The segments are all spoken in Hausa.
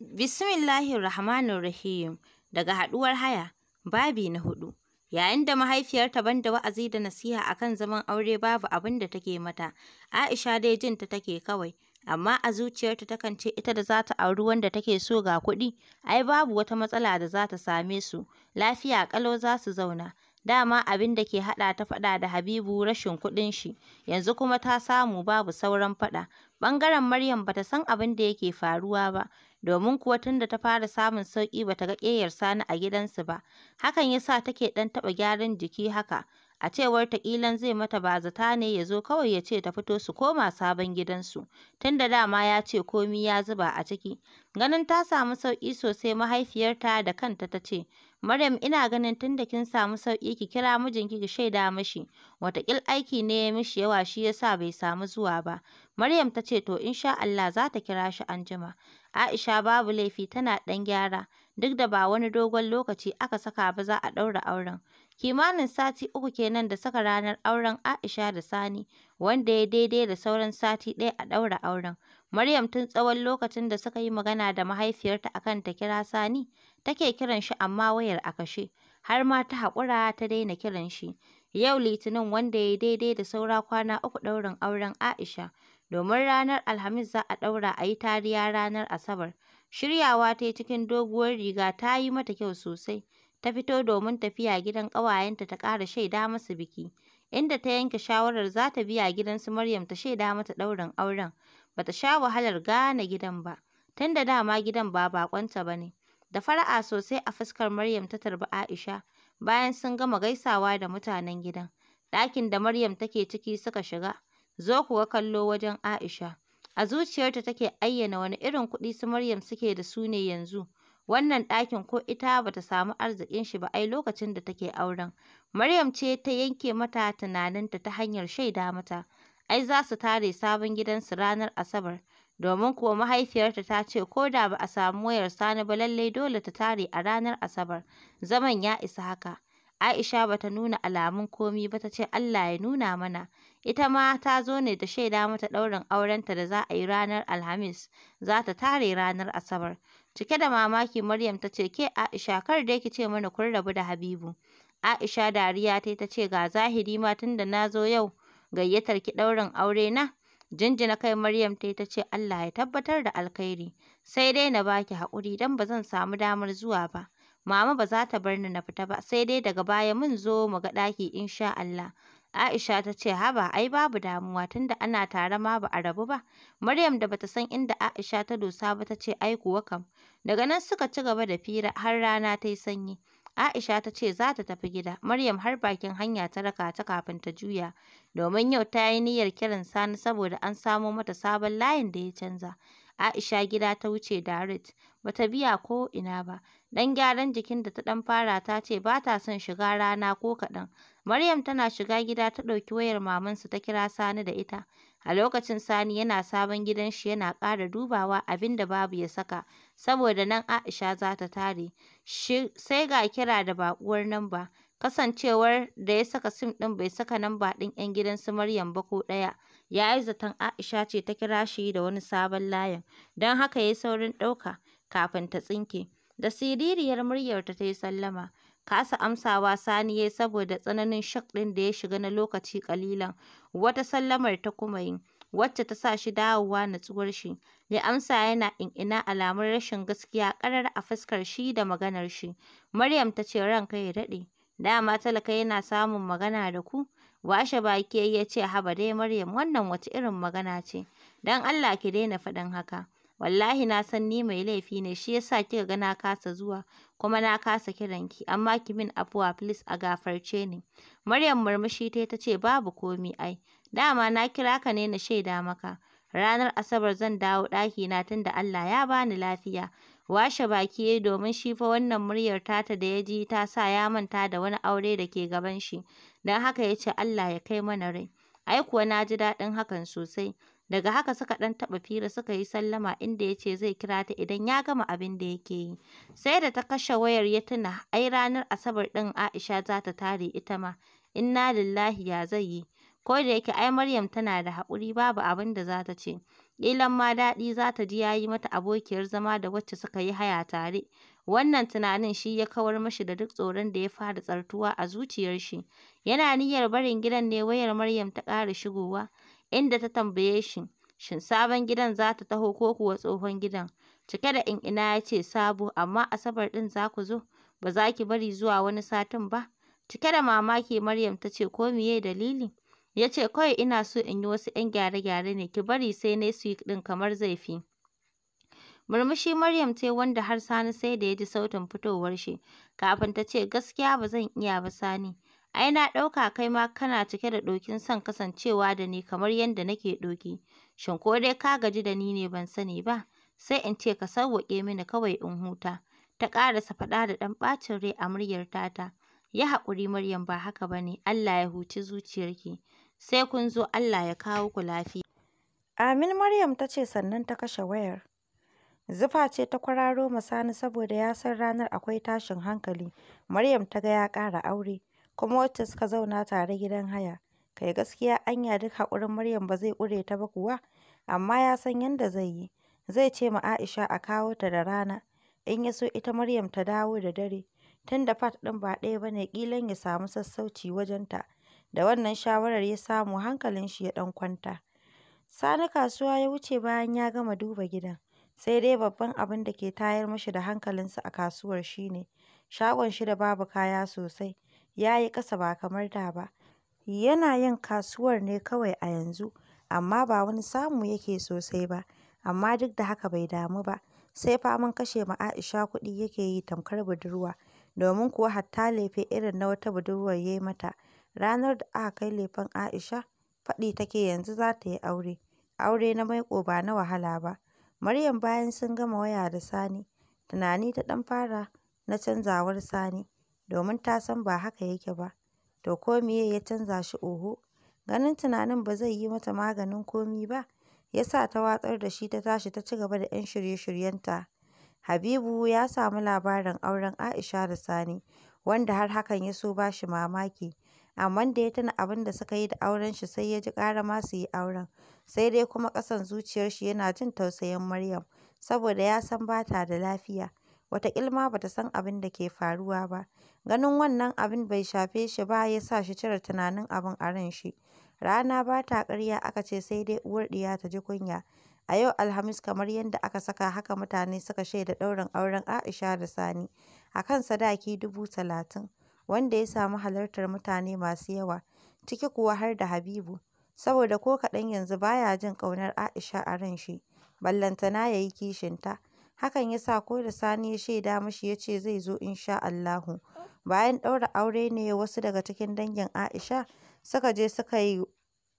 Bismillahir Rahmanir Rahim daga haduwar haya babi na hudu yayin da mahaifiyarta banda wa'azi da nasiha akan zaman aure babu abin da take mata Aisha dai jin ta take kawai amma a zuciyarta takan ce ita da za ta auri wanda take so ga kuɗi ai babu wata matsala da za ta same su lafiya kalau za su zauna dama abin da ke haɗa ta faɗa da Habibu rashin kuɗin shi, yanzu kuma ta samu babu sauran faɗa. Ɓangaren Maryam bata san abin da yake faruwa ba, domin kuwa tun da ta fara samun sauƙi ba ta ga ƙeyar Sani a gidansu ba, hakan ya sa take ɗan taɓa gyaran jiki haka, a cewar ta ƙilan zai mata bazata ne ya zo kawai ya ce ta fito su koma sabon gidansu, tun da dama ya ce komi ya zuba a ciki. Ganin ta samu sauƙi sosai mahaifiyarta da kanta ta ce, Maryam ina ganin tunda kin samu sauƙi ki kira mijinki ki shaida mashi, wataƙil aiki ne ya mishi yawa shi yasa bai samu zuwa ba. Maryam ta ce to insha Allah za ta kira shi anjima. Aisha babu laifi tana ɗan gyara, duk da ba wani dogon lokaci aka saka ba za a ɗaura auren. Kimanin sati uku kenan da saka ranar auren Aisha da Sani, wanda ya daidai da sauran sati ɗaya a ɗaura auren. Maryam tun tsawon lokacin da suka yi magana da mahaifiyarta a kan ta kira Sani, take kiran shi amma wayar a kashe, har ma ta haƙura ta daina kiran shi. Yau Litinin wanda ya yi daidai da saura kwana uku ɗaurin auren Aisha, domin ranar Alhamis za a ɗaura a yi tariya ranar Asabar. Shiryawa ta yi cikin doguwar riga ta yi mata kyau sosai, ta fito domin tafiya gidan ƙawayenta ta ƙara shaida masu biki, inda ta yanke shawarar za ta biya gidan su Maryam ta shaida mata ɗaurin auren. Bata sha wahalar gane gidan ba, tunda dama gidan ba baƙonta ne. Da fara'a sosai a fuskar Maryam ta tarbi Aisha bayan sun gama gaisawa da mutanen gidan. Ɗakin da Maryam take ciki suka shiga, zo ku kallo wajen Aisha. A zuciyarta take ayyana wani irin kuɗi su Maryam suke da su ne yanzu. Wannan ɗakin ko ita bata samu arzikin shi ba ai lokacin da take auren. Maryam ce ta yanke mata tunaninta ta hanyar shaida mata. ai za su tare sabon gidansu ranar Asabar, domin kuwa mahaifiyarta ta ce ko da ba a samu wayar Sani ba lallai dole ta tare a ranar Asabar, zaman ya isa haka. Aisha ba ta nuna alamun komi ba ta ce Allah ya nuna mana, ita ma ta zo ne ta shaida mata ɗaurin aurenta da za a yi ranar Alhamis, za ta tare ranar Asabar. Cike da mamaki Maryam ta ce ke Aisha kar dai ki ce mana kun rabu da Habibu. Aisha dariya ta ce ga zahiri ma tunda na zo yau gayyatar ki ɗaurin aure na? Jinjina kai Maryam ta yi ta ce Allah ya tabbatar da alkhairi. Sai dai na baki haƙuri don ba zan samu damar zuwa ba. Mama ba za ta bar ni na fita ba sai dai daga baya mun zo mu ga ɗaki insha Allah. Aisha ta ce haba ai babu damuwa tunda ana tare ma ba a rabu ba. Maryam da bata san inda Aisha ta dosa ba ta ce ai kuwa kam. Daga nan suka ci gaba da fira har rana ta yi sanyi. Aisha ta ce za ta tafi gida, Maryam har bakin hanya ta raka ta kafin ta juya, domin yau ta yi niyyar kiran Sani saboda an samo mata sabon layin da ya canza. Aisha gida ta wuce direct, ba ta biya ko ina ba. Dan gyaran jikin da ta dan fara ta ce ba ta son shiga rana ko kaɗan. Maryam tana shiga gida ta ɗauki wayar mamansu ta kira Sani da ita. A lokacin Sani yana sabon gidan shi yana ƙara dubawa abin da babu ya saka, saboda nan Aisha za ta tare, sai ga kira da baƙuwar namba, kasancewar da ya saka sim ɗin bai saka namba ɗin 'yan gidan su Maryam ba ko ɗaya, ya yi zaton Aisha ce ta kira shi da wani sabon layin, don haka yayi saurin ɗauka, kafin ta tsinke. Da siririyar muryarta ta yi sallama. Kasa amsawa Sani ya saboda tsananin shak ɗin da ya shiga na lokaci ƙalilan, wata sallamar ta kuma yi, wacce ta sa shi dawowa nutsuwar shi, ya amsa yana ina alamun rashin gaskiya karar a fuskar shi da maganar shi. Maryam ta ce ranka ya daɗe, dama talaka yana samun magana da ku? Washe baki ya ya ce haba dai Maryam wannan wace irin magana ce, dan Allah ki daina faɗin haka. Wallahi na san ni mai laifi ne shi ya kika ga na kasa zuwa kuma na kasa kiranki amma ki min afuwa please a gafarce ni. Maryam murmushi tayi ta ce babu komi ai, dama na kira ka ne na shaida maka. Ranar Asabar zan dawo na tunda Allah ya bani lafiya. Washe baki yayi domin shi fa wannan muryar tata da ya ji ta sa ya manta da wani aure da ke gaban shi, dan haka yace Allah ya kai mana rai. Ai kuwa naji ji daɗin hakan sosai. daga haka suka ɗan taɓa fira suka yi sallama inda yace zai kira ta idan ya gama abin da yake yi sai da ta kashe wayar ya tuna ai ranar asabar ɗin Aisha za ta tare ita ma inna lillahi ya zai yi ko da yake ai Maryam tana da haƙuri babu abin da za ta ce ƙilan ma daɗi zata ji ya yi mata abokiyar zama da wacce suka yi haya tare wannan tunanin shi ya kawar mashi da duk tsoron da ya fara tsartuwa a zuciyar shi yana niyyar barin gidan ne wayar Maryam ta ƙara shigowa inda ta tambaye shi shin sabon gidan za ta taho ko kuwa tsohon gidan, cike da in-ina ya ce sabo amma Asabar ɗin za ku zo, ba za ki bari zuwa wani satin ba? Cike da mamaki Maryam ta ce ko miye dalili? Ya ce kawai ina so in yi wasu ‘yan gyare-gyare ne ki bari sai su yi ɗin kamar zai fi. Murmushi Maryam ce wanda har Sani sai da ya ji sautin fitowar shi, kafin ta ce gaskiya ba zan iya ba Sani, Ai na ɗauka kai ma kana cike da ɗokin son kasancewa da ni kamar yadda nake ɗoki. Shin ko dai ka gaji da ni ne ban sani ba? Sai in ce ka sauwaƙe mini kawai in huta. Ta ƙarasa faɗa da ɗan ɓacin rai a muryar tata. Yi haƙuri Maryam ba haka ba ne, Allah ya huci zuciyarki. Sai kun zo Allah ya kawo ku lafiya. Amin Maryam ta ce sannan ta kashe wayar. Zufa ce ta kwararo masani saboda ya san ranar akwai tashin hankali. Maryam ta ga ya ƙara aure. kuma wacce suka zauna tare gidan haya. Kai gaskiya anya duk hakurin Maryam ba zai ƙure ta ba kuwa? Amma ya san yadda zai yi. Zai ce ma Aisha a kawo ta da rana, in ya so ita Maryam ta dawo da dare, tunda fat ɗin ba ɗaya ba ne ƙilan ya samu sassauci wajen ta Da wannan shawarar ya samu hankalin shi ya ɗan kwanta. Sani kasuwa ya wuce bayan ya gama duba gidan. Sai dai babban abin da ke tayar mashi da hankalinsa a kasuwar shine shagon shi da babu kaya sosai, ya yi ƙasa ba kamar da ba. Yana yin kasuwar ne kawai a yanzu, amma ba wani samu yake sosai ba. Amma duk da haka bai damu ba, sai faman kashe ma Aisha kuɗi yake yi tamkar budurwa, domin kuwa hatta lefe irin na wata budurwar ya yi mata. Ranar da aka kai lefen Aisha, faɗi take yanzu za ta yi aure, aure na maiko ba na wahala ba. Maryam bayan sun gama waya da Sani, tunani ta ɗan fara na canzawar Sani. domin ta san ba haka yake ba, to ko meye ya canza shi oho, ganin tunanin ba zai yi mata maganin komi ba, ya sa ta watsar da shi ta tashi ta ci gaba da 'yan shirye-shiryenta. Habibu ya samu labarin auren Aisha da Sani, wanda har hakan ya so ba shi mamaki, amma da ya tuna abin da suka yi da auren shi sai ya ji ƙara ma su yi auren, sai dai kuma ƙasan zuciyar shi yana jin tausayin Maryam, saboda ya san ba ta da lafiya. Wataƙilma ma ba ta san abin da ke faruwa ba. Ganin wannan abin bai shafe shi ba ya sa shi cire tunanin abin a shi Rana ba ta ƙarya aka ce sai dai uwar ɗiya ta ji kunya. A yau Alhamis kamar yadda aka saka haka mutane suka shaida ɗaurin auren Aisha da Sani a kan sadaki dubu talatin, wanda ya samu halartar mutane masu yawa, ciki kuwa har da Habibu, saboda ko kaɗan yanzu baya jin ƙaunar Aisha a ranshi, ballantana ya yi kishinta. hakan ya sa ko da Sani ya shaida mashi ya ce zai zo insha Allahu. Bayan ɗaura aure ne wasu daga cikin dangin Aisha suka je suka yi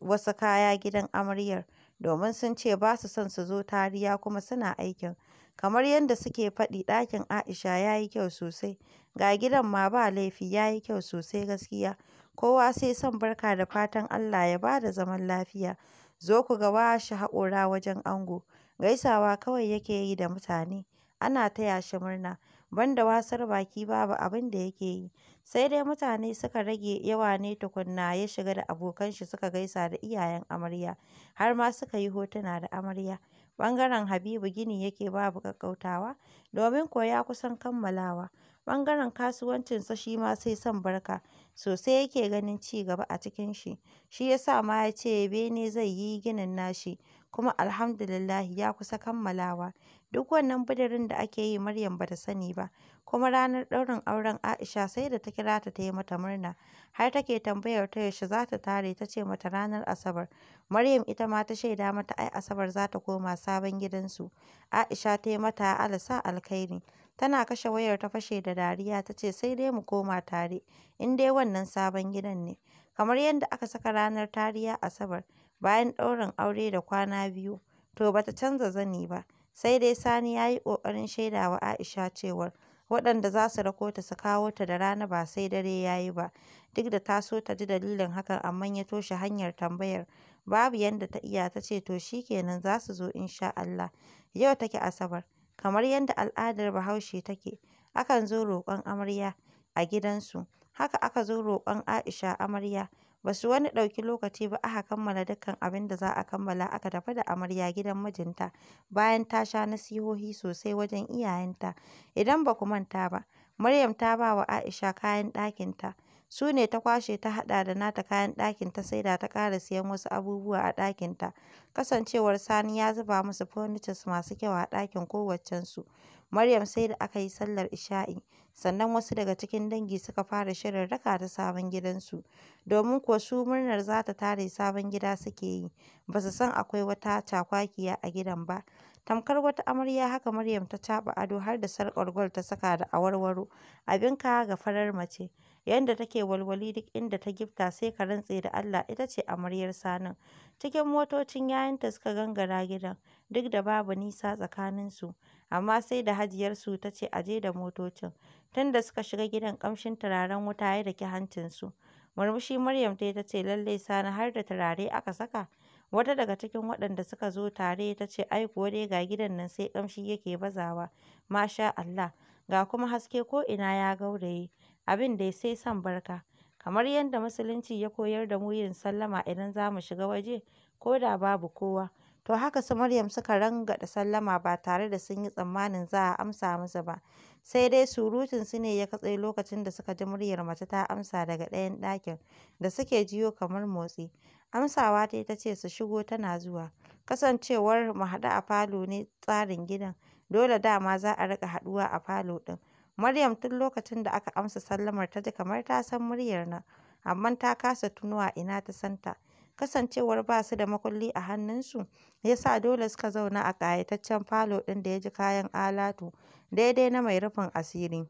wasu kaya gidan amaryar domin sun ce ba su son su zo tariya kuma suna aikin. Kamar yadda suke faɗi ɗakin Aisha ya yi kyau sosai, ga gidan ma ba laifi ya yi kyau sosai gaskiya, kowa sai son barka da fatan Allah ya ba da zaman lafiya, zo ku ga shi haƙora wajen ango. Gaisawa kawai yake yi da mutane, ana taya shi murna, Banda wasar baki babu abin da yake yi, sai dai mutane suka rage yawa ne tukuna ya shiga da abokan shi suka gaisa da iyayen amarya, har ma suka yi hotuna da amarya. Ɓangaren Habibu gini yake babu ƙaƙƙautawa, domin kuwa ya kusan kammalawa. Ɓangaren kasuwancinsa shi ma sai son barka, sosai yake ganin ci gaba a cikin shi, shi ya sa ma ya ce bene zai yi ginin nashi. kuma alhamdulillah ya kusa kammalawa. Duk wannan bidirin da ake yi Maryam bata sani ba, kuma ranar ɗaurin auren Aisha sai da ta kira ta ta yi mata murna, har take tambayar ta yaushe za ta tare ta ce mata ranar Asabar. Maryam ita ma ta shaida mata ai Asabar za ta koma sabon gidansu. Aisha ta yi mata alasa alkhairi. Tana kashe wayar ta fashe da dariya ta ce sai dai mu koma tare, in dai wannan sabon gidan ne. Kamar yadda aka saka ranar tariya Asabar. Bayan ɗaurin aure da kwana biyu, to bata canza zani ba, sai dai Sani ya yi ƙoƙarin shaida wa Aisha cewa waɗanda za su rako ta su kawo ta da rana ba sai dare ya yi ba, duk da ta so ta ji dalilin hakan amma ya toshe hanyar tambayar, babu yadda ta iya ta ce to shi kenan za su zo insha Allah, yau take Asabar, kamar yadda al'adar Bahaushe take, akan zo roƙon amarya a gidansu, haka aka zo roƙon Aisha amarya Ba su wani ɗauki lokaci ba aka kammala dukkan abin da za a kammala aka tafi da amarya gidan mijinta bayan ta sha nasihohi sosai wajen iyayenta. Idan ba ku manta ba, Maryam ta ba wa Aisha kayan ɗakinta. su ne ta kwashe ta haɗa da nata kayan ɗakin ta saida ta ƙara siyan wasu abubuwa a ta kasancewar Sani ya zuba musu furnitures masu kyau a ɗakin kowaccensu Maryam sai da aka yi sallar isha'i sannan wasu daga cikin dangi suka fara shirin raka ta sabon gidansu domin kuwa su murnar za ta tare sabon gida suke yi ba su san akwai wata cakwakiya a gidan ba tamkar wata amarya haka Maryam ta caɓa ado har da sarƙar gwal ta saka da awarwaro abin ka ga farar mace yadda take walwali duk inda ta gifta sai ka rantse da Allah ita ce amaryar sanin cikin motocin yayanta suka gangara gidan duk da babu nisa tsakaninsu amma sai da hajiyarsu ta ce a je da motocin tunda suka shiga gidan kamshin turaren wuta ya daki hancinsu murmushi Maryam ta ta ce lallai sani har da turare aka saka wata daga cikin waɗanda suka zo tare ta ce ai kuwa dai ga gidan nan sai kamshi yake bazawa masha Allah ga kuma haske ko ina ya gauraye abin dai sai son barka. Kamar yadda Musulunci ya koyar da mu yin sallama idan za mu shiga waje ko da babu kowa, to haka su Maryam suka rangaɗa sallama ba tare da sun yi tsammanin za a amsa musu ba, sai dai surutunsu ne ya katse lokacin da suka ji muryar mace ta amsa daga ɗayan ɗakin da suke jiyo kamar motsi. Amsawa ta ce su shigo tana zuwa. Kasancewar mu haɗu a falo ne tsarin gidan, dole dama za a riƙa haɗuwa a falo ɗin. Maryam tun lokacin da aka amsa sallamar ta ji kamar ta san muryar na, amma ta kasa tunuwa ina ta santa Kasancewar ba su da makulli a hannunsu, ya sa dole suka zauna a ƙayataccen falo ɗin da ya ji kayan alatu, daidai na mai rufin asiri.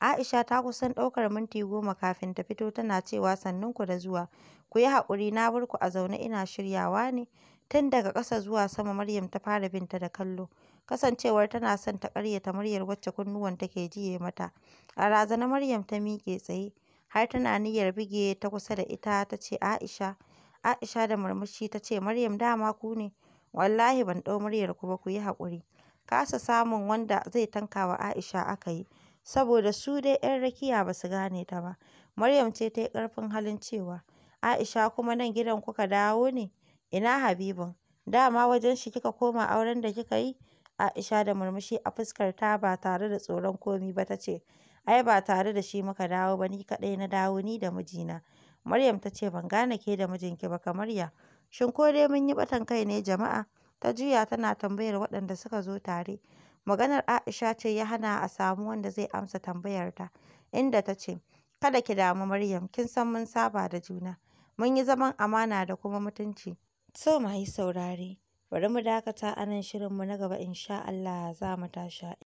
Aisha ta kusan ɗaukar minti goma kafin ta fito tana cewa sannunku da zuwa, ku yi haƙuri na bar a zaune ina shiryawa ne. Tun daga ƙasa zuwa sama Maryam ta fara binta da kallo. kasancewar tana son ta karyata muryar wacce kunnuwan kunnuwanta ke jiye mata. A razana Maryam ta miƙe tsaye, har tana niyyar bige ta kusa da ita ta ce Aisha, Aisha da murmushi ta ce Maryam dama ku ne, wallahi ban ɗau muryar ku ba ku yi haƙuri. Kasa samun wanda zai tanka wa Aisha aka yi, saboda su dai 'yan rakiya ba su gane ta ba. Maryam ce ta yi ƙarfin halin cewa, Aisha kuma nan gidan kuka dawo ne? Ina Habibun? Dama wajen shi kika koma auren da kika yi? Aisha da murmushi a fuskar ta ba tare da tsoron komi ba ta ce, "Ai ba tare da shi muka dawo ba, ni kaɗai na dawo ni da mijina." Maryam ta ce, "Ban gane ke da mijinki ba kamar ya? Shin ko dai mun yi ɓatan kai ne jama'a?" Ta juya tana tambayar waɗanda suka zo tare. Maganar Aisha ce ya hana a samu wanda zai amsa tambayarta, inda ta ce, "Kada ki damu Maryam, kin san mun saba da juna. Mun yi zaman amana da kuma mutunci." So ma yi saurare. Bari mu dakata a nan shirinmu na gaba insha Allah za mu tashi.